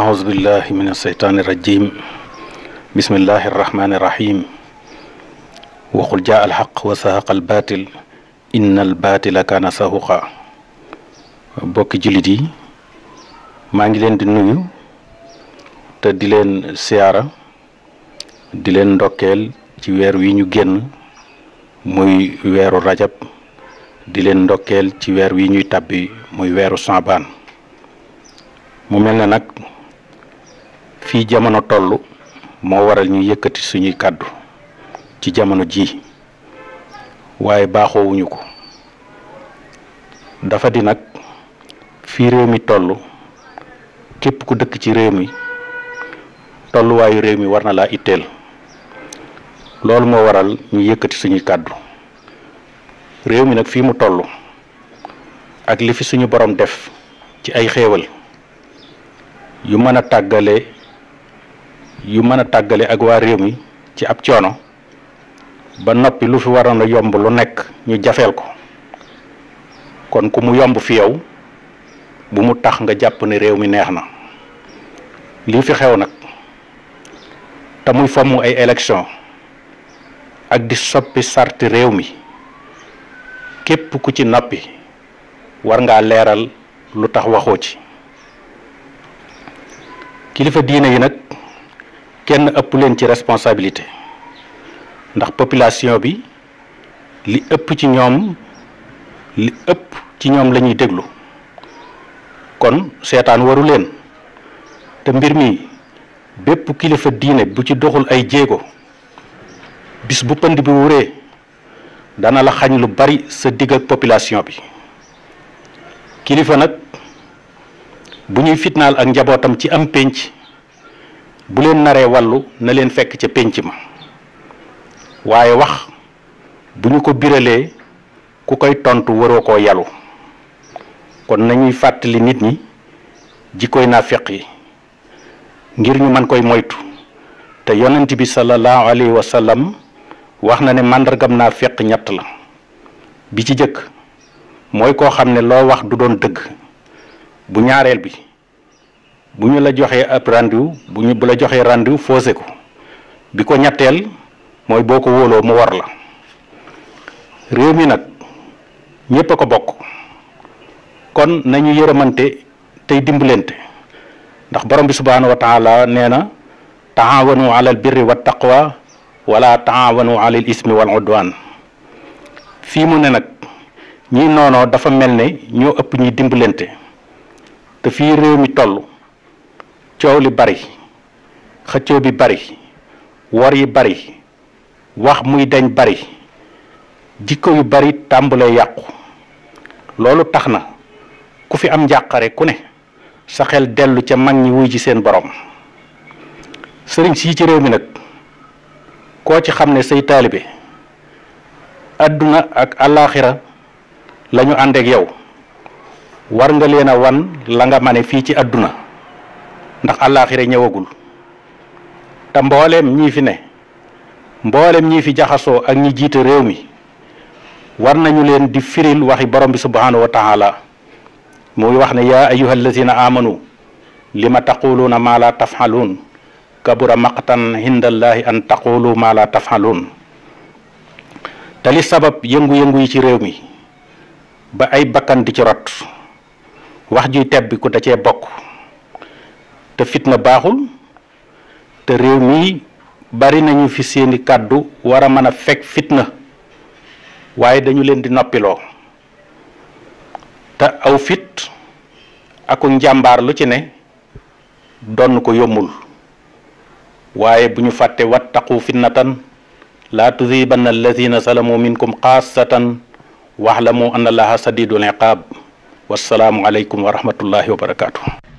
أعوذ بالله من الشيطان الرجيم بسم الله الرحمن الرحيم وقل جاء الحق وسهق الباطل إن الباطل كان سهقا بوك جلدي ما نجلين دنويو تدلين سيارة دلين دوكيل تي وير وينيو جن موي ويرو رجب دلين دوكيل تي وير وينيو تابي موي ويرو سنبان مو ملنا نك Fi jamono tollu mo waral ñu yëkëti suñuy kaddu ci jamono ji baxo wuñu ko dafa di nak fi réew mi tollu képp ku dëkk ci réew mi tolluwaayu réew mi war na laa itteel loolu moo waral ñu yëkkati suñuy kaddu réew mi nag fii mu toll ak li fi suñu borom def ci ay xéewal yu mën a yu mën a tàggale ak waa réew mi ci ab coono ba noppi lu fi waroon a yomb lu nekk ñu jafeel ko kon ku mu yomb fi yow bu mu tax nga jàpp ne réew mi neex na lii fi xew nag te muy fomm ay élection ak di soppi sarti réew mi képp ku ci noppi war ngaa leeral lu tax waxoo ci kilifa diine yi nag kenn ëpp leen ci responsabilité ndax population bi li ëpp ci ñoom li ëpp ci ñoom lañuy déglu kon setan waru leen te mbir mi bépp kilifa diine bu ci doxul ay jéego bis bu pënd bi wuree dana la xañ lu bari sa digg ak population bi kilifa nag bu ñuy fitnaal ak njabootam ci am pénc buleen leen naree wàllu na leen fekk ca pénc ma waaye wax bu ñu ko biralee ku koy tontu waroo koo yalu kon nañuy fàttali nit ñi jikkoy naafeq yi ngir ñu mën koy moytu te yonent bi sallallahu alayhi wa sallam wax na ne màndargam naafeq ñett la bi ci jëkk mooy koo xam ne loo wax du doon dëgg bu ñaareel bi bu ñu la joxee ab rendez bu ñu bu la joxee rendez-vous faussé ko bi ko ñetteel mooy boo ko wóoloo mu war la réew mi nag ñépp a ko bokk kon nañu yërëmante tey dimbalante ndax borom bi subhaanahu wa taala nee na taawanu alal birri wa taqwa wala taawanu alal ismi wal udwan fii mu ne nag ñi noonoo dafa mel ne ñoo ëpp ñuy dimbalante te fii réew mi toll coow li bari xëccoo bi bari wor yi bari wax muy dañ bari jikko yu bari tàmbalee yàqu loolu tax na ku fi am njàqare ku ne sa xel dellu ca mag ñi wuy ci seen boroom sëriñ sii ci réew mi nag koo ci xam ne say taalibe àdduna ak àllaaxira lañu ànd yow war nga leen a wan la nga ma ne fii ci àdduna ndax alakhiré ñëwagul ta mbooleem ñi fi ne mboolem ñi fi jaxaso ak ñi jité réew mi war nañu leen di firil waxi borom bi subhanahu wa taala moy wax ne ya amanu lima taquluna ma la tafxaluun kabura maqtan hindallahi an taqulu ma la tafxaluun tali sabab yengu yengu ci réew mi ba ay bakkan di ci rot wax ju tebbi ku da ci bokku te fitna baaxul te réew mii bari nañu fi seeni kàddu war a mën a fekk fitna waaye dañu leen di noppiloo te aw fit aku njàmbaar lu ci ne donn ko yombul waaye bu ñu fàtte wattaqu fitnatan laa tusibanna allazina salamu minkum xaasatan waxlamu anna allaha sadidul iqaab wassalaamu aleykum wa rahmatullahi wa barakaatu